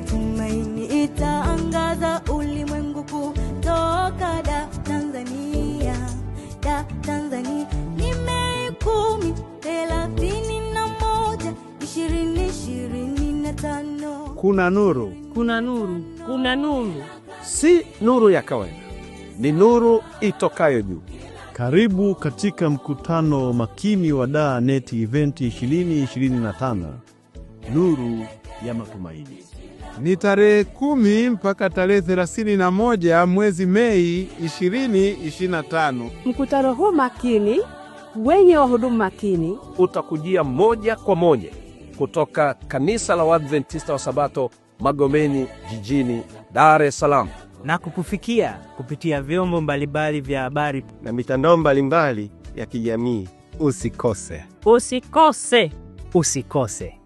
matumaini itaangaza ulimwengu kutoka da Tanzania, da Tanzania. Ni Mei kumi, thelathini na moja, ishirini ishirini na tano. Kuna nuru, kuna nuru, kuna nuru, si nuru ya kawaida, ni nuru itokayo juu. Karibu katika mkutano makini wa DANET eventi 2025 nuru ya matumaini ni tarehe kumi mpaka tarehe thelathini na moja mwezi Mei ishirini ishirini na tano. Mkutano huu makini wenye wahudumu makini utakujia moja kwa moja kutoka kanisa la Waadventista wa Sabato Magomeni jijini Dar es Salaam na kukufikia kupitia vyombo mbalimbali vya habari na mitandao mbalimbali ya kijamii. Usikose, usikose, usikose.